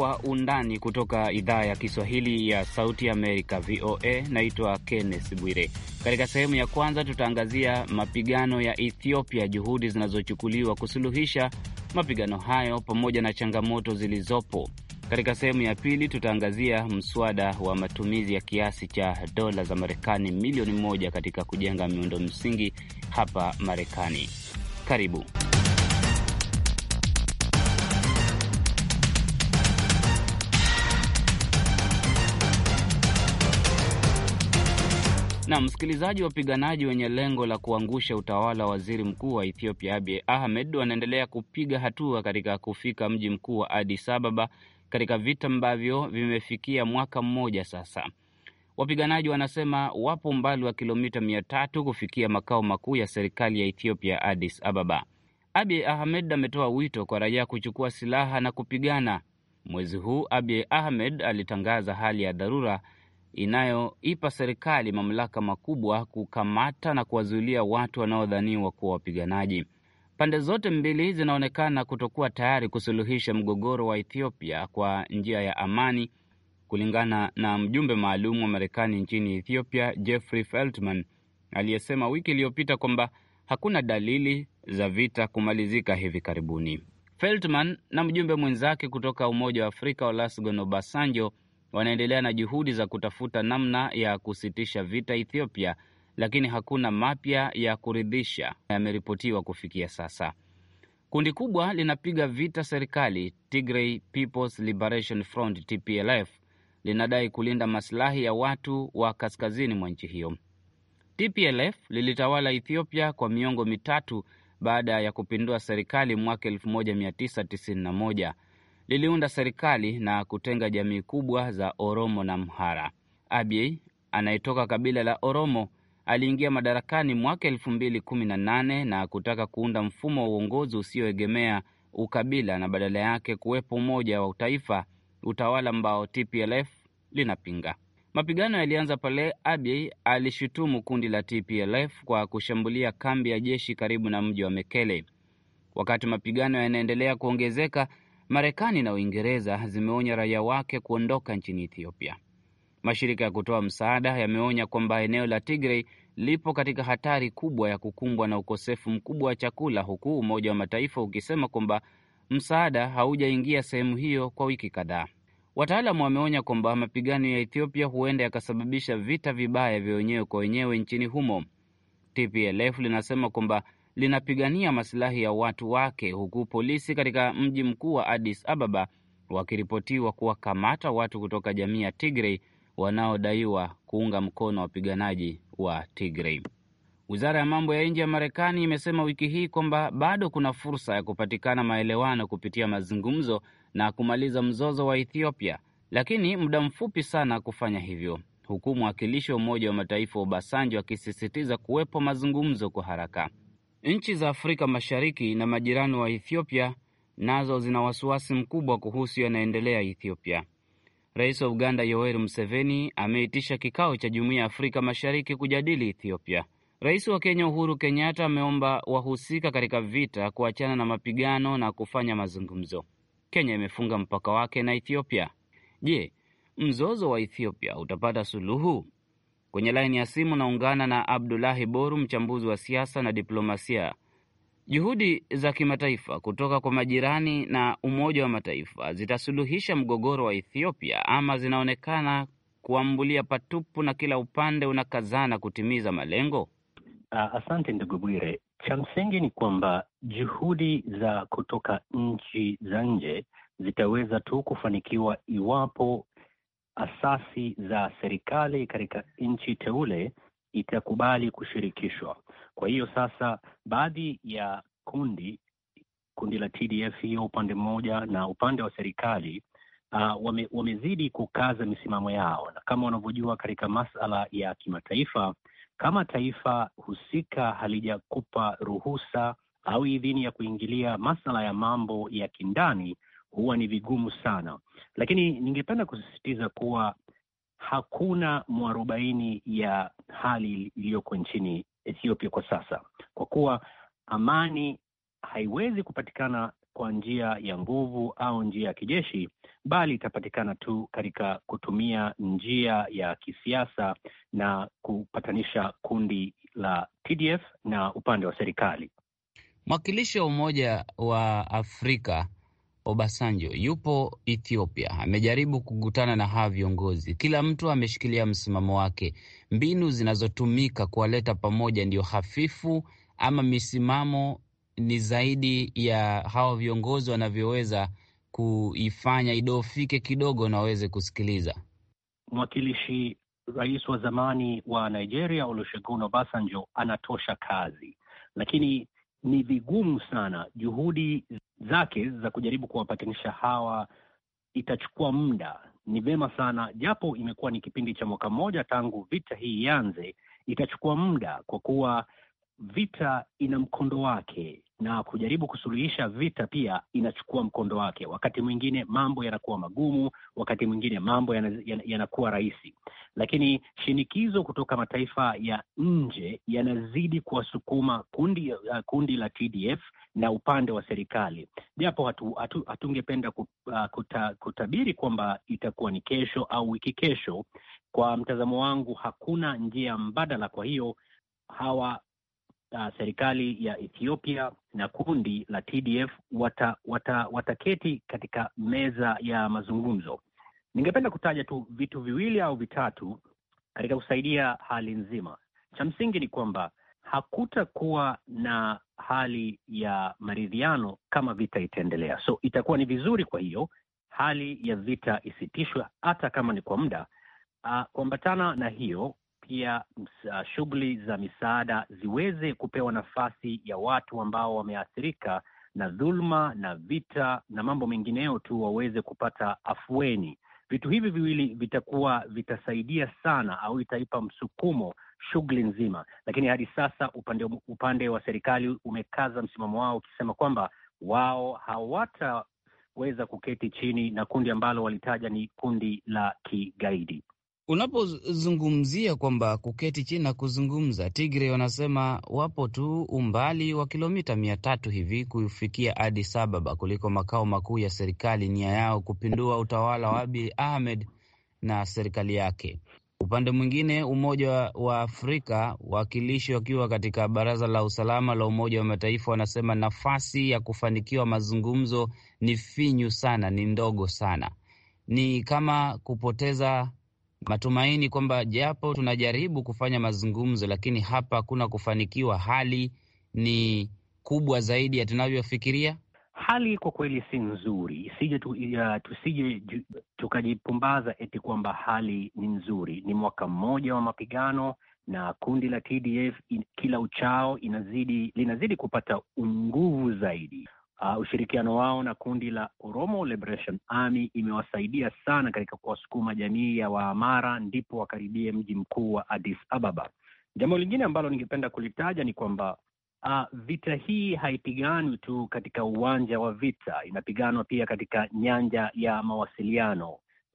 Kwa Undani kutoka idhaa ya Kiswahili ya Sauti Amerika, VOA. Naitwa Kenneth Bwire. Katika sehemu ya kwanza, tutaangazia mapigano ya Ethiopia, juhudi zinazochukuliwa kusuluhisha mapigano hayo pamoja na changamoto zilizopo. Katika sehemu ya pili, tutaangazia mswada wa matumizi ya kiasi cha dola za Marekani milioni moja katika kujenga miundo msingi hapa Marekani. Karibu. Na msikilizaji, wapiganaji wenye lengo la kuangusha utawala wa waziri mkuu wa Ethiopia Abiy Ahmed wanaendelea kupiga hatua katika kufika mji mkuu wa Addis Ababa katika vita ambavyo vimefikia mwaka mmoja sasa. Wapiganaji wanasema wapo umbali wa kilomita mia tatu kufikia makao makuu ya serikali ya Ethiopia, Addis Ababa. Abiy Ahmed ametoa wito kwa raia kuchukua silaha na kupigana. Mwezi huu Abiy Ahmed alitangaza hali ya dharura inayoipa serikali mamlaka makubwa kukamata na kuwazuilia watu wanaodhaniwa kuwa wapiganaji. Pande zote mbili zinaonekana kutokuwa tayari kusuluhisha mgogoro wa Ethiopia kwa njia ya amani, kulingana na mjumbe maalum wa Marekani nchini Ethiopia Jeffrey Feltman aliyesema wiki iliyopita kwamba hakuna dalili za vita kumalizika hivi karibuni. Feltman na mjumbe mwenzake kutoka Umoja wa Afrika Olusegun Obasanjo wanaendelea na juhudi za kutafuta namna ya kusitisha vita Ethiopia, lakini hakuna mapya ya kuridhisha yameripotiwa kufikia sasa. Kundi kubwa linapiga vita serikali Tigray People's Liberation Front TPLF linadai kulinda masilahi ya watu wa kaskazini mwa nchi hiyo. TPLF lilitawala Ethiopia kwa miongo mitatu baada ya kupindua serikali mwaka 1991 liliunda serikali na kutenga jamii kubwa za Oromo na Mhara. Abiy anayetoka kabila la Oromo aliingia madarakani mwaka elfu mbili kumi na nane na kutaka kuunda mfumo wa uongozi usioegemea ukabila na badala yake kuwepo umoja wa utaifa, utawala ambao TPLF linapinga. Mapigano yalianza pale Abiy alishutumu kundi la TPLF kwa kushambulia kambi ya jeshi karibu na mji wa Mekele. Wakati mapigano yanaendelea kuongezeka, Marekani na Uingereza zimeonya raia wake kuondoka nchini Ethiopia. Mashirika ya kutoa msaada yameonya kwamba eneo la Tigray lipo katika hatari kubwa ya kukumbwa na ukosefu mkubwa wa chakula, huku Umoja wa Mataifa ukisema kwamba msaada haujaingia sehemu hiyo kwa wiki kadhaa. Wataalamu wameonya kwamba mapigano ya Ethiopia huenda yakasababisha vita vibaya vya wenyewe kwa wenyewe nchini humo. TPLF linasema kwamba linapigania masilahi ya watu wake, huku polisi katika mji mkuu wa Addis Ababa wakiripotiwa kuwakamata watu kutoka jamii ya Tigray wanaodaiwa kuunga mkono wapiganaji wa Tigray. Wizara ya mambo ya nje ya Marekani imesema wiki hii kwamba bado kuna fursa ya kupatikana maelewano kupitia mazungumzo na kumaliza mzozo wa Ethiopia, lakini muda mfupi sana kufanya hivyo, huku mwakilishi wa Umoja wa Mataifa Obasanjo akisisitiza kuwepo mazungumzo kwa haraka. Nchi za Afrika Mashariki na majirani wa Ethiopia nazo zina wasiwasi mkubwa kuhusu yanaendelea Ethiopia. Rais wa Uganda Yoweri Museveni ameitisha kikao cha Jumuiya ya Afrika Mashariki kujadili Ethiopia. Rais wa Kenya Uhuru Kenyatta ameomba wahusika katika vita kuachana na mapigano na kufanya mazungumzo. Kenya imefunga mpaka wake na Ethiopia. Je, mzozo wa Ethiopia utapata suluhu? Kwenye laini ya simu naungana na Abdulahi Boru, mchambuzi wa siasa na diplomasia. Juhudi za kimataifa kutoka kwa majirani na Umoja wa Mataifa zitasuluhisha mgogoro wa Ethiopia ama zinaonekana kuambulia patupu na kila upande unakazana kutimiza malengo? Ah, asante ndugu Bwire. Cha msingi ni kwamba juhudi za kutoka nchi za nje zitaweza tu kufanikiwa iwapo asasi za serikali katika nchi teule itakubali kushirikishwa. Kwa hiyo sasa, baadhi ya kundi kundi la TDF hiyo upande mmoja na upande wa serikali uh, wame, wamezidi kukaza misimamo yao, na kama unavyojua katika masala ya kimataifa, kama taifa husika halijakupa ruhusa au idhini ya kuingilia masala ya mambo ya kindani huwa ni vigumu sana, lakini ningependa kusisitiza kuwa hakuna mwarobaini ya hali iliyoko nchini Ethiopia kwa sasa, kwa kuwa amani haiwezi kupatikana kwa njia ya nguvu au njia ya kijeshi, bali itapatikana tu katika kutumia njia ya kisiasa na kupatanisha kundi la TDF na upande wa serikali. Mwakilishi wa Umoja wa Afrika Obasanjo yupo Ethiopia, amejaribu kukutana na hawa viongozi. Kila mtu ameshikilia msimamo wake. Mbinu zinazotumika kuwaleta pamoja ndiyo hafifu, ama misimamo ni zaidi ya hawa viongozi wanavyoweza kuifanya idofike kidogo na waweze kusikiliza. Mwakilishi rais wa zamani wa Nigeria Olusegun Obasanjo anatosha kazi, lakini ni vigumu sana. Juhudi zake za kujaribu kuwapatanisha hawa itachukua muda. Ni vema sana, japo imekuwa ni kipindi cha mwaka mmoja tangu vita hii ianze, itachukua muda kwa kuwa vita ina mkondo wake na kujaribu kusuluhisha vita pia inachukua mkondo wake. Wakati mwingine mambo yanakuwa magumu, wakati mwingine mambo yanakuwa rahisi, lakini shinikizo kutoka mataifa ya nje yanazidi kuwasukuma kundi, uh, kundi la TDF na upande wa serikali, japo hatu, hatu, hatungependa uh, kuta, kutabiri kwamba itakuwa ni kesho au wiki kesho. Kwa mtazamo wangu, hakuna njia mbadala. Kwa hiyo hawa uh, serikali ya Ethiopia na kundi la TDF wataketi wata, wata katika meza ya mazungumzo. Ningependa kutaja tu vitu viwili au vitatu katika kusaidia hali nzima. Cha msingi ni kwamba hakutakuwa na hali ya maridhiano kama vita itaendelea, so itakuwa ni vizuri, kwa hiyo hali ya vita isitishwe hata kama ni kwa muda. Uh, kuambatana na hiyo pia uh, shughuli za misaada ziweze kupewa nafasi ya watu ambao wameathirika na dhuluma na vita na mambo mengineyo tu waweze kupata afueni. Vitu hivi viwili vitakuwa vitasaidia sana au itaipa msukumo shughuli nzima, lakini hadi sasa upande, upande wa serikali umekaza msimamo wao ukisema kwamba wao hawataweza kuketi chini na kundi ambalo walitaja ni kundi la kigaidi. Unapozungumzia kwamba kuketi chini na kuzungumza, Tigre wanasema wapo tu umbali wa kilomita mia tatu hivi kufikia Addis Ababa kuliko makao makuu ya serikali, nia yao kupindua utawala wa Abiy Ahmed na serikali yake. Upande mwingine, Umoja wa Afrika wawakilishi wakiwa katika Baraza la Usalama la Umoja wa Mataifa wanasema nafasi ya kufanikiwa mazungumzo ni finyu sana, ni ndogo sana, ni kama kupoteza matumaini kwamba japo tunajaribu kufanya mazungumzo, lakini hapa hakuna kufanikiwa. Hali ni kubwa zaidi ya tunavyofikiria. Hali kwa kweli si nzuri, isije tu, tusije tukajipumbaza eti kwamba hali ni nzuri. Ni mwaka mmoja wa mapigano na kundi la TDF in, kila uchao inazidi linazidi kupata nguvu zaidi. Uh, ushirikiano wao na kundi la Oromo Liberation Army imewasaidia sana katika kuwasukuma jamii ya Waamara ndipo wakaribie mji mkuu wa Addis Ababa. Jambo lingine ambalo ningependa kulitaja ni kwamba uh, vita hii haipiganwi tu katika uwanja wa vita, inapiganwa pia katika nyanja ya mawasiliano,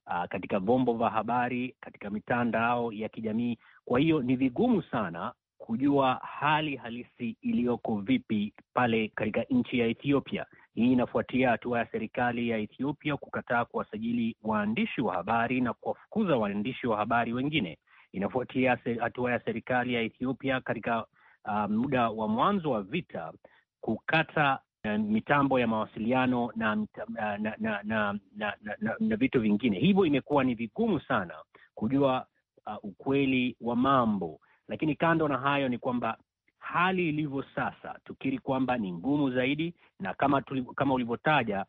uh, katika vyombo vya habari, katika mitandao ya kijamii. Kwa hiyo ni vigumu sana kujua hali halisi iliyoko vipi pale katika nchi ya Ethiopia. Hii inafuatia hatua ya serikali ya Ethiopia kukataa kuwasajili waandishi wa habari na kuwafukuza waandishi wa habari wengine. Inafuatia hatua ya serikali ya Ethiopia katika uh, muda wa mwanzo wa vita kukata uh, mitambo ya mawasiliano na uh, na na, na, na, na, na, na vitu vingine. Hivyo imekuwa ni vigumu sana kujua uh, ukweli wa mambo lakini kando na hayo ni kwamba hali ilivyo sasa, tukiri kwamba ni ngumu zaidi, na kama tuli, kama ulivyotaja,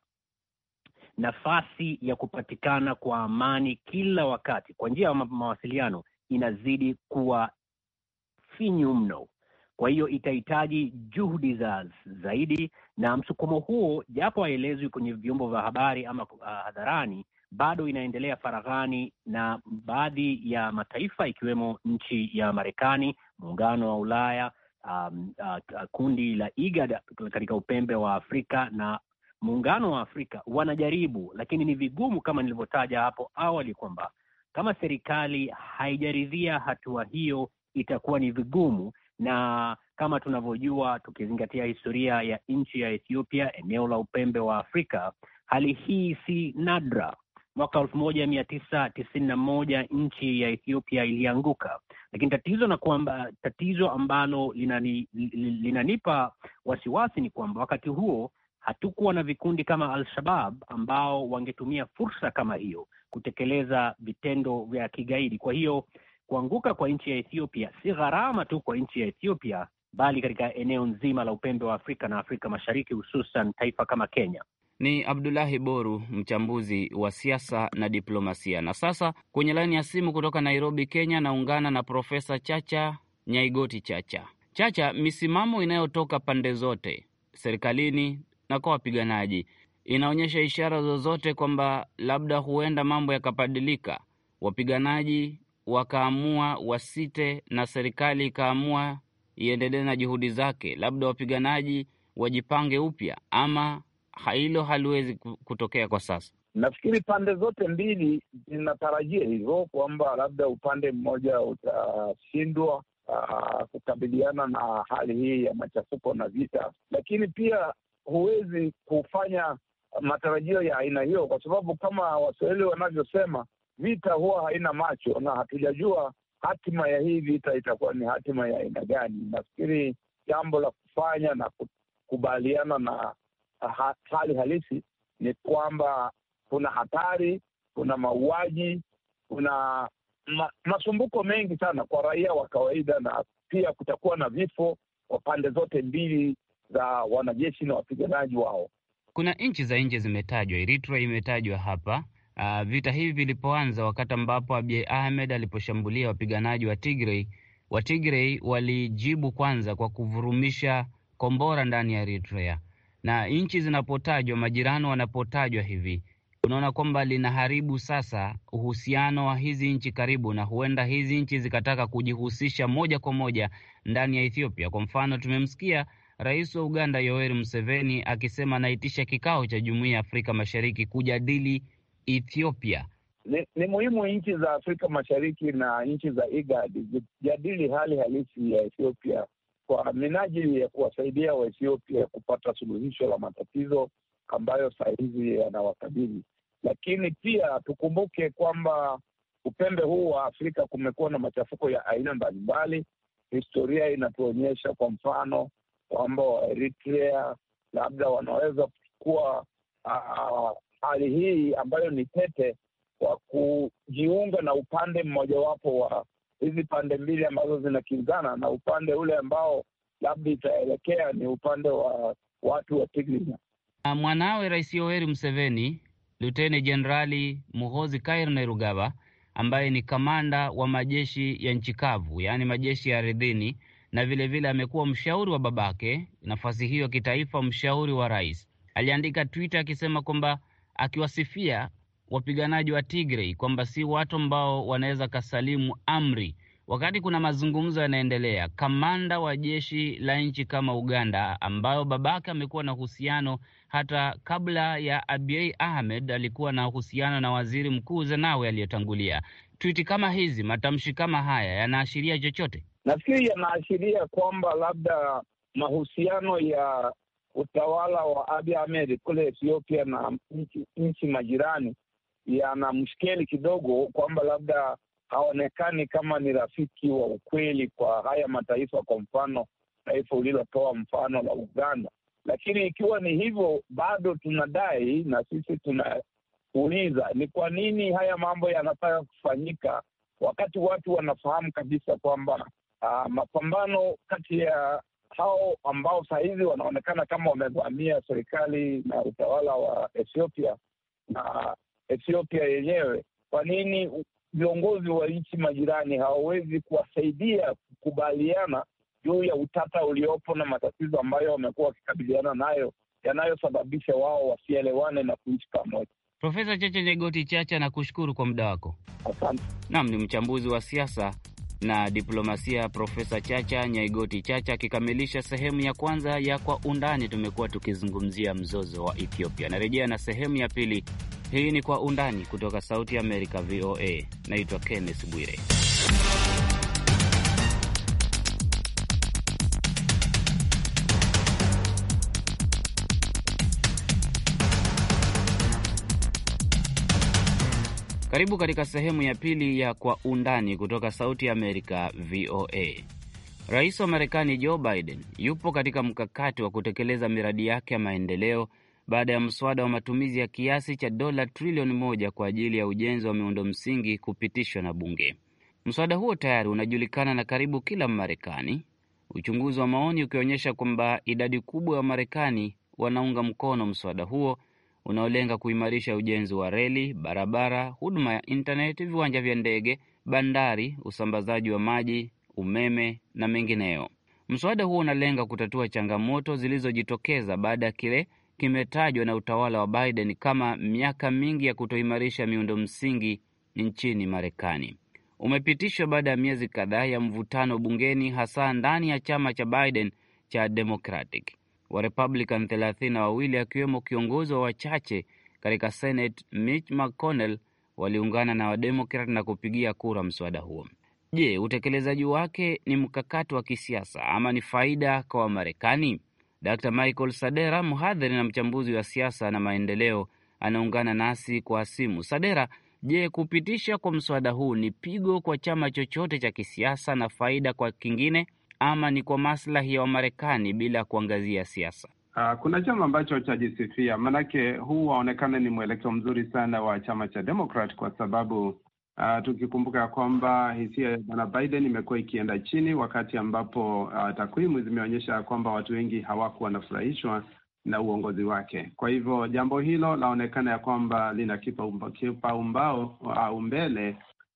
nafasi ya kupatikana kwa amani kila wakati kwa njia ya mawasiliano inazidi kuwa finyu mno. Kwa hiyo itahitaji juhudi za zaidi, na msukumo huo, japo haelezwi kwenye vyombo vya habari ama ah, hadharani, bado inaendelea faraghani na baadhi ya mataifa ikiwemo nchi ya Marekani, muungano wa Ulaya, um, uh, kundi la IGAD katika upembe wa Afrika na muungano wa Afrika wanajaribu, lakini ni vigumu, kama nilivyotaja hapo awali kwamba kama serikali haijaridhia hatua hiyo itakuwa ni vigumu, na kama tunavyojua, tukizingatia historia ya nchi ya Ethiopia, eneo la upembe wa Afrika, hali hii si nadra mwaka elfu moja mia tisa tisini na moja nchi ya Ethiopia ilianguka, lakini tatizo na kwamba tatizo ambalo linani, linanipa wasiwasi ni kwamba wakati huo hatukuwa na vikundi kama Al-Shabab ambao wangetumia fursa kama hiyo kutekeleza vitendo vya kigaidi. Kwa hiyo kuanguka kwa nchi ya Ethiopia si gharama tu kwa nchi ya Ethiopia, bali katika eneo nzima la upembe wa Afrika na Afrika Mashariki, hususan taifa kama Kenya ni Abdulahi Boru, mchambuzi wa siasa na diplomasia. Na sasa kwenye laini ya simu kutoka Nairobi, Kenya, naungana na Profesa Chacha Nyaigoti Chacha. Chacha, misimamo inayotoka pande zote serikalini na kwa wapiganaji inaonyesha ishara zozote kwamba labda huenda mambo yakabadilika, wapiganaji wakaamua wasite na serikali ikaamua iendelee na juhudi zake, labda wapiganaji wajipange upya, ama hilo haliwezi kutokea kwa sasa. Nafikiri pande zote mbili zinatarajia hivyo kwamba labda upande mmoja utashindwa uh, kukabiliana na hali hii ya machafuko na vita, lakini pia huwezi kufanya matarajio ya aina hiyo, kwa sababu kama Waswahili wanavyosema, vita huwa haina macho, na hatujajua hatima ya hii vita itakuwa ni hatima ya aina gani. Nafikiri jambo la kufanya na kukubaliana na Ah, ha, hali halisi ni kwamba kuna hatari, kuna mauaji, kuna ma, masumbuko mengi sana kwa raia wa kawaida, na pia kutakuwa na vifo kwa pande zote mbili za wanajeshi na wapiganaji wao. Kuna nchi za nje zimetajwa, Eritrea imetajwa hapa. Uh, vita hivi vilipoanza, wakati ambapo Abiy Ahmed aliposhambulia wapiganaji wa Tigray, wa Tigray walijibu kwanza kwa kuvurumisha kombora ndani ya Eritrea na nchi zinapotajwa, majirani wanapotajwa hivi, unaona kwamba linaharibu sasa uhusiano wa hizi nchi karibu, na huenda hizi nchi zikataka kujihusisha moja kwa moja ndani ya Ethiopia. Kwa mfano, tumemsikia Rais wa Uganda Yoweri Museveni akisema anaitisha kikao cha Jumuiya ya Afrika Mashariki kujadili Ethiopia. Ni, ni muhimu nchi za Afrika Mashariki na nchi za IGAD zijadili hali halisi ya Ethiopia kwa minajili ya kuwasaidia Waethiopia kupata suluhisho la matatizo ambayo saa hizi yanawakabili. Lakini pia tukumbuke kwamba upembe huu wa Afrika kumekuwa na machafuko ya aina mbalimbali. Historia inatuonyesha kwa mfano kwamba Waeritrea labda wanaweza kuchukua hali hii ambayo ni tete kwa kujiunga na upande mmojawapo wa hizi pande mbili ambazo zinakinzana, na upande ule ambao labda itaelekea ni upande wa watu wa Tigrinya. Mwanawe Rais Yoweri Museveni, Luteni Jenerali Muhozi Kainerugaba, ambaye ni kamanda wa majeshi ya nchi kavu, yaani majeshi ya ardhini, na vilevile amekuwa mshauri wa babake, nafasi hiyo ya kitaifa, mshauri wa rais, aliandika Twitter akisema kwamba akiwasifia wapiganaji wa Tigray kwamba si watu ambao wanaweza kasalimu amri wakati kuna mazungumzo yanaendelea. Kamanda wa jeshi la nchi kama Uganda, ambayo babake amekuwa na uhusiano hata kabla ya Abiy Ahmed, alikuwa na uhusiano na waziri mkuu Zenawi aliyotangulia Twiti kama hizi, matamshi kama haya yanaashiria chochote? Nafikiri yanaashiria kwamba labda mahusiano ya utawala wa Abiy Ahmed kule Ethiopia na nchi majirani yana mshkeli kidogo kwamba mm. labda haonekani kama ni rafiki wa ukweli kwa haya mataifa, kwa mfano taifa ulilotoa mfano la Uganda. Lakini ikiwa ni hivyo, bado tunadai na sisi tunauliza ni kwa nini haya mambo yanataka kufanyika wakati watu wanafahamu kabisa kwamba uh, mapambano kati ya hao ambao sahizi wanaonekana kama wamevamia serikali na utawala wa Ethiopia na Ethiopia yenyewe. Kwa nini viongozi wa nchi majirani hawawezi kuwasaidia kukubaliana juu ya utata uliopo na matatizo ambayo wamekuwa wakikabiliana nayo yanayosababisha wao wasielewane na kuishi pamoja? Profesa Chacha Nyegoti Chacha, nakushukuru kwa muda wako, asante. Naam, ni mchambuzi wa siasa na diplomasia Profesa Chacha Nyaigoti Chacha akikamilisha sehemu ya kwanza ya Kwa Undani. Tumekuwa tukizungumzia mzozo wa Ethiopia. Narejea na sehemu ya pili hii ni Kwa Undani kutoka Sauti ya Amerika, VOA. Naitwa Kenneth Bwire. Karibu katika sehemu ya pili ya Kwa Undani kutoka Sauti ya Amerika, VOA. Rais wa Marekani Joe Biden yupo katika mkakati wa kutekeleza miradi yake ya maendeleo baada ya mswada wa matumizi ya kiasi cha dola trilioni moja kwa ajili ya ujenzi wa miundo msingi kupitishwa na bunge. Mswada huo tayari unajulikana na karibu kila Mmarekani, uchunguzi wa maoni ukionyesha kwamba idadi kubwa ya Wamarekani wanaunga mkono mswada huo unaolenga kuimarisha ujenzi wa reli, barabara, huduma ya intaneti, viwanja vya ndege, bandari, usambazaji wa maji, umeme na mengineyo. Mswada huo unalenga kutatua changamoto zilizojitokeza baada ya kile kimetajwa na utawala wa Biden kama miaka mingi ya kutoimarisha miundo msingi nchini Marekani. Umepitishwa baada ya miezi kadhaa ya mvutano bungeni, hasa ndani ya chama cha Biden cha Democratic. Warepublican thelathini na wawili akiwemo kiongozi wa wachache katika Senate Mitch McConnell waliungana na Wademokrat na kupigia kura mswada huo. Je, utekelezaji wake ni mkakati wa kisiasa ama ni faida kwa Wamarekani? Dr Michael Sadera, mhadhiri na mchambuzi wa siasa na maendeleo, anaungana nasi kwa simu. Sadera, je, kupitisha kwa mswada huu ni pigo kwa chama chochote cha kisiasa na faida kwa kingine, ama ni kwa maslahi ya Wamarekani bila kuangazia siasa? Ah, kuna chama ambacho chajisifia, maanake huu waonekana ni mwelekeo mzuri sana wa chama cha Demokrat kwa sababu Uh, tukikumbuka kwamba hisia ya bwana Biden imekuwa ikienda chini wakati ambapo uh, takwimu zimeonyesha kwamba watu wengi hawakuwa wanafurahishwa na uongozi wake. Kwa hivyo jambo hilo laonekana ya kwamba lina kipaumbao au ah, mbele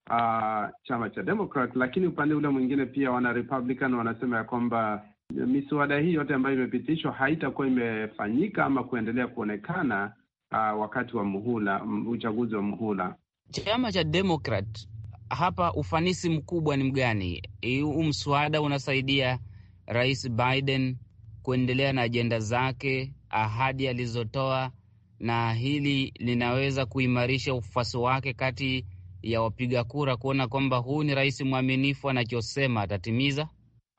uh, chama cha Democrat, lakini upande ule mwingine pia wana Republican wanasema ya kwamba miswada hii yote ambayo imepitishwa haitakuwa imefanyika ama kuendelea kuonekana uh, wakati wa muhula uchaguzi wa muhula chama cha Demokrat hapa ufanisi mkubwa ni mgani? Huu mswada unasaidia Rais Biden kuendelea na ajenda zake, ahadi alizotoa, na hili linaweza kuimarisha ufuasi wake kati ya wapiga kura, kuona kwamba huu ni rais mwaminifu, anachosema atatimiza.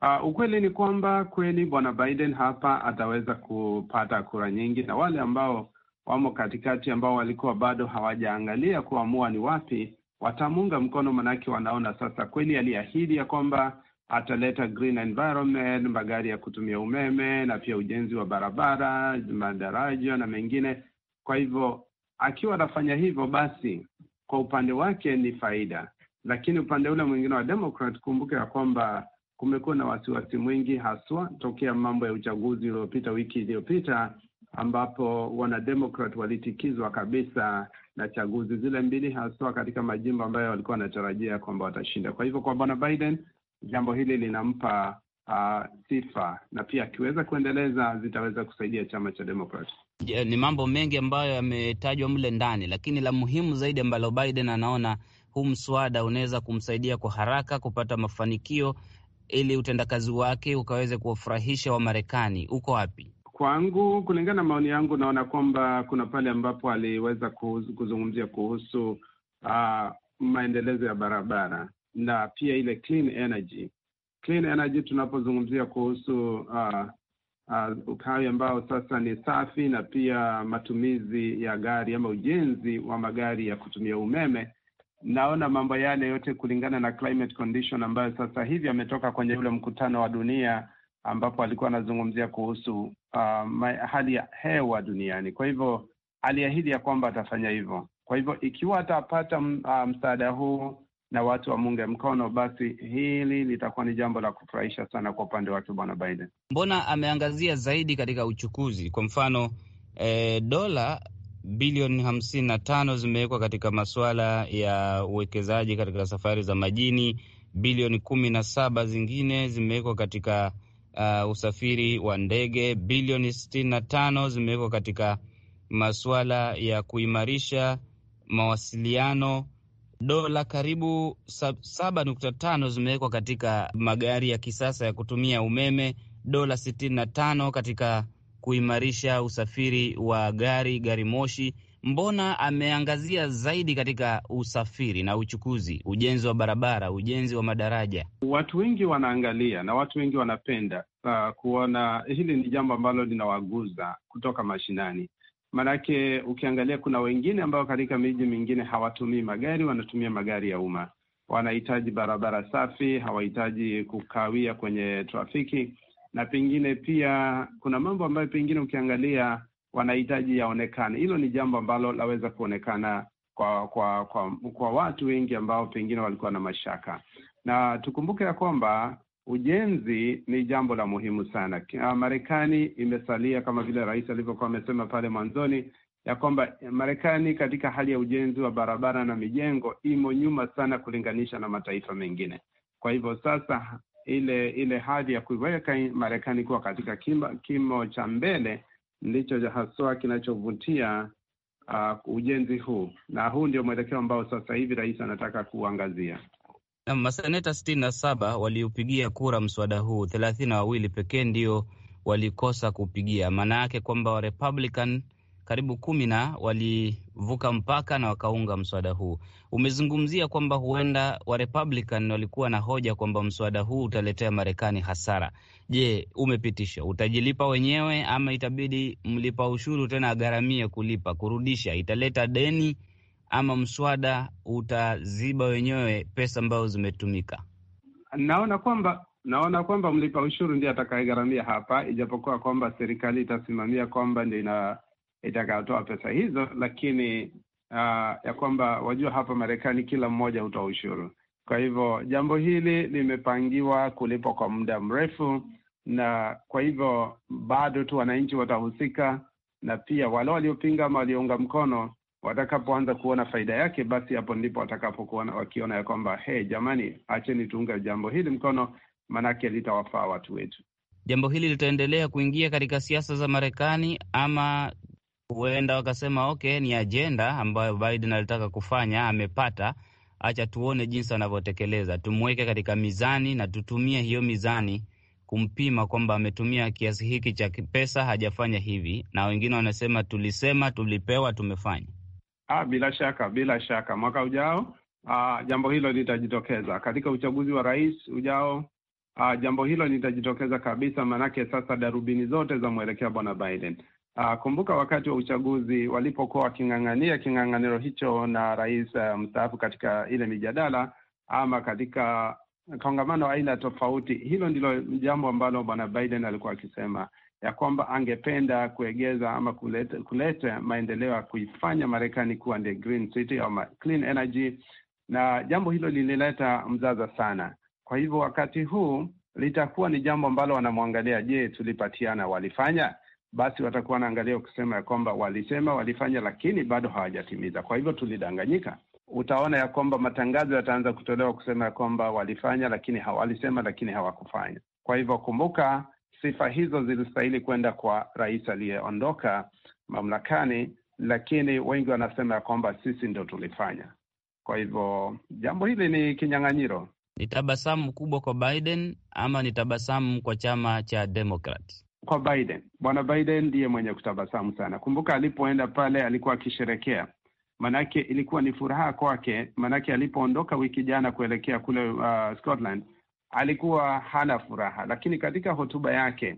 Uh, ukweli ni kwamba kweli bwana Biden hapa ataweza kupata kura nyingi, na wale ambao wamo katikati ambao walikuwa bado hawajaangalia kuamua ni wapi watamuunga mkono, manake wanaona sasa kweli aliahidi ya kwamba ataleta green environment, magari ya kutumia umeme na pia ujenzi wa barabara, madaraja na mengine. Kwa hivyo akiwa anafanya hivyo, basi kwa upande wake ni faida, lakini upande ule mwingine wa Democrat, kumbuke ya kwamba kumekuwa na wasiwasi mwingi haswa tokea mambo ya uchaguzi uliopita wiki iliyopita ambapo wanademokrat walitikizwa kabisa na chaguzi zile mbili, haswa katika majimbo ambayo walikuwa wanatarajia kwamba watashinda. Kwa hivyo kwa bwana Biden jambo hili linampa uh, sifa na pia akiweza kuendeleza zitaweza kusaidia chama cha Demokrat. ni mambo mengi ambayo yametajwa mle ndani, lakini la muhimu zaidi ambalo Biden anaona huu mswada unaweza kumsaidia kwa haraka kupata mafanikio ili utendakazi wake ukaweze kuwafurahisha Wamarekani, uko wapi? kwangu, kulingana na maoni yangu, naona kwamba kuna pale ambapo aliweza kuzungumzia kuhusu uh, maendelezo ya barabara na pia ile clean energy. Clean energy tunapozungumzia kuhusu uh, ah, ah, uh, ukawi ambao sasa ni safi na pia matumizi ya gari ama ujenzi wa magari ya kutumia umeme, naona mambo yale yote kulingana na climate condition ambayo sasa hivi ametoka kwenye ule mkutano wa dunia ambapo alikuwa anazungumzia kuhusu uh, hali ya hewa duniani. Kwa hivyo aliahidi ya kwamba atafanya hivyo. Kwa hivyo ikiwa atapata uh, msaada huu na watu wamunge mkono, basi hili litakuwa ni jambo la kufurahisha sana kwa upande wake bwana Biden. Mbona ameangazia zaidi katika uchukuzi? Kwa mfano eh, dola bilioni hamsini na tano zimewekwa katika masuala ya uwekezaji katika safari za majini, bilioni kumi na saba zingine zimewekwa katika uh, usafiri wa ndege bilioni 65 zimewekwa katika masuala ya kuimarisha mawasiliano. Dola karibu 7.5 zimewekwa katika magari ya kisasa ya kutumia umeme, dola 65 katika kuimarisha usafiri wa gari gari moshi mbona ameangazia zaidi katika usafiri na uchukuzi, ujenzi wa barabara, ujenzi wa madaraja. Watu wengi wanaangalia na watu wengi wanapenda uh, kuona hili ni jambo ambalo linawaguza kutoka mashinani. Maanake ukiangalia kuna wengine ambao katika miji mingine hawatumii magari, wanatumia magari ya umma. Wanahitaji barabara safi, hawahitaji kukawia kwenye trafiki, na pengine pia kuna mambo ambayo pengine ukiangalia wanahitaji yaonekane. Hilo ni jambo ambalo laweza kuonekana kwa kwa kwa kwa watu wengi ambao pengine walikuwa na mashaka, na tukumbuke ya kwamba ujenzi ni jambo la muhimu sana. Ah, Marekani imesalia kama vile rais alivyokuwa amesema pale mwanzoni ya kwamba Marekani katika hali ya ujenzi wa barabara na mijengo imo nyuma sana kulinganisha na mataifa mengine. Kwa hivyo sasa ile ile hadhi ya kuiweka Marekani kuwa katika kimo cha mbele ndicho haswa kinachovutia uh, ujenzi huu, na huu ndio mwelekeo ambao sasa hivi rais anataka kuangazia. Na maseneta sitini na saba waliupigia kura mswada huu, thelathini na wawili pekee ndio walikosa kupigia. Maana yake kwamba Warepublican karibu kumi na walivuka mpaka na wakaunga mswada huu. Umezungumzia kwamba huenda wa Republican walikuwa na hoja kwamba mswada huu utaletea Marekani hasara. Je, umepitishwa utajilipa wenyewe ama itabidi mlipa ushuru tena agharamie kulipa kurudisha? Italeta deni ama mswada utaziba wenyewe pesa ambazo zimetumika? Naona kwamba naona kwamba mlipa ushuru ndiye atakayegharamia hapa, ijapokuwa kwamba serikali itasimamia kwamba ndio ina itakayotoa pesa hizo, lakini uh, ya kwamba wajua, hapa Marekani kila mmoja hutoa ushuru. Kwa hivyo jambo hili limepangiwa kulipwa kwa muda mrefu, na kwa hivyo bado tu wananchi watahusika, na pia wale waliopinga ama waliounga mkono watakapoanza kuona faida yake, basi hapo ndipo watakapokuona wakiona ya kwamba hey, jamani, acheni tuunge jambo hili mkono, maanake litawafaa watu wetu. Jambo hili litaendelea kuingia katika siasa za Marekani ama huenda wakasema okay, ni ajenda ambayo Biden alitaka kufanya, amepata, acha tuone jinsi anavyotekeleza, tumweke katika mizani na tutumie hiyo mizani kumpima kwamba ametumia kiasi hiki cha pesa, hajafanya hivi. Na wengine wanasema tulisema, tulipewa, tumefanya. Ah, bila shaka, bila shaka mwaka ujao ah, jambo hilo litajitokeza katika uchaguzi wa rais ujao. Ah, jambo hilo litajitokeza kabisa, maanake sasa darubini zote za mwelekea bwana Biden. Uh, kumbuka wakati wa uchaguzi walipokuwa waking'ang'ania king'ang'aniro hicho na rais uh, mstaafu katika ile mijadala ama katika kongamano aina tofauti. Hilo ndilo jambo ambalo bwana Biden alikuwa akisema ya kwamba angependa kuegeza ama kuleta, kuleta maendeleo ya kuifanya Marekani kuwa the green city ama clean energy, na jambo hilo lilileta mzaza sana. Kwa hivyo wakati huu litakuwa ni jambo ambalo wanamwangalia, je, tulipatiana walifanya basi watakuwa wanaangalia ukisema ya kwamba walisema walifanya, lakini bado hawajatimiza, kwa hivyo tulidanganyika. Utaona ya kwamba matangazo yataanza kutolewa kusema ya kwamba walifanya, lakini hawalisema, lakini hawakufanya. Kwa hivyo kumbuka, sifa hizo zilistahili kwenda kwa rais aliyeondoka mamlakani, lakini wengi wanasema ya kwamba sisi ndo tulifanya. Kwa hivyo jambo hili ni kinyang'anyiro. Ni tabasamu kubwa kwa Biden ama ni tabasamu kwa chama cha Demokrat? kwa Biden. Bwana Biden ndiye mwenye kutabasamu sana. Kumbuka alipoenda pale alikuwa akisherekea, manake ilikuwa ni furaha kwake, manake alipoondoka wiki jana kuelekea kule uh, Scotland alikuwa hana furaha, lakini katika hotuba yake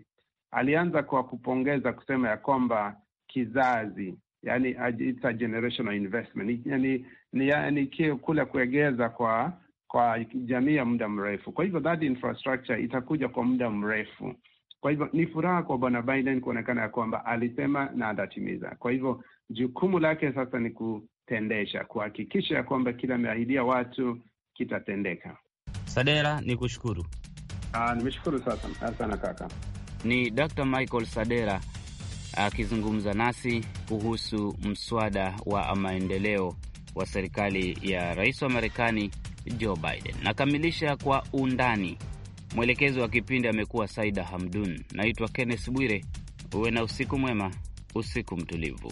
alianza kwa kupongeza kusema ya kwamba kizazi yani, it's a generational investment, yani, ni, yani kule kuegeza kwa kwa jamii ya muda mrefu. Kwa hivyo that infrastructure itakuja kwa muda mrefu kwa hivyo ni furaha kwa bwana Biden kuonekana ya kwamba alisema na atatimiza. Kwa hivyo jukumu lake sasa ni kutendesha, kuhakikisha ya kwamba kile ameahidia watu kitatendeka. Sadera, ni kushukuru. Ah, nimeshukuru sana kaka. Ni Dr. Michael Sadera akizungumza nasi kuhusu mswada wa maendeleo wa serikali ya rais wa Marekani Joe Biden. Nakamilisha kwa undani Mwelekezi wa kipindi amekuwa Saida Hamdun. Naitwa Kenneth Bwire. Uwe na usiku mwema, usiku mtulivu.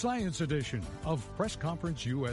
Science Edition of Press Conference USA.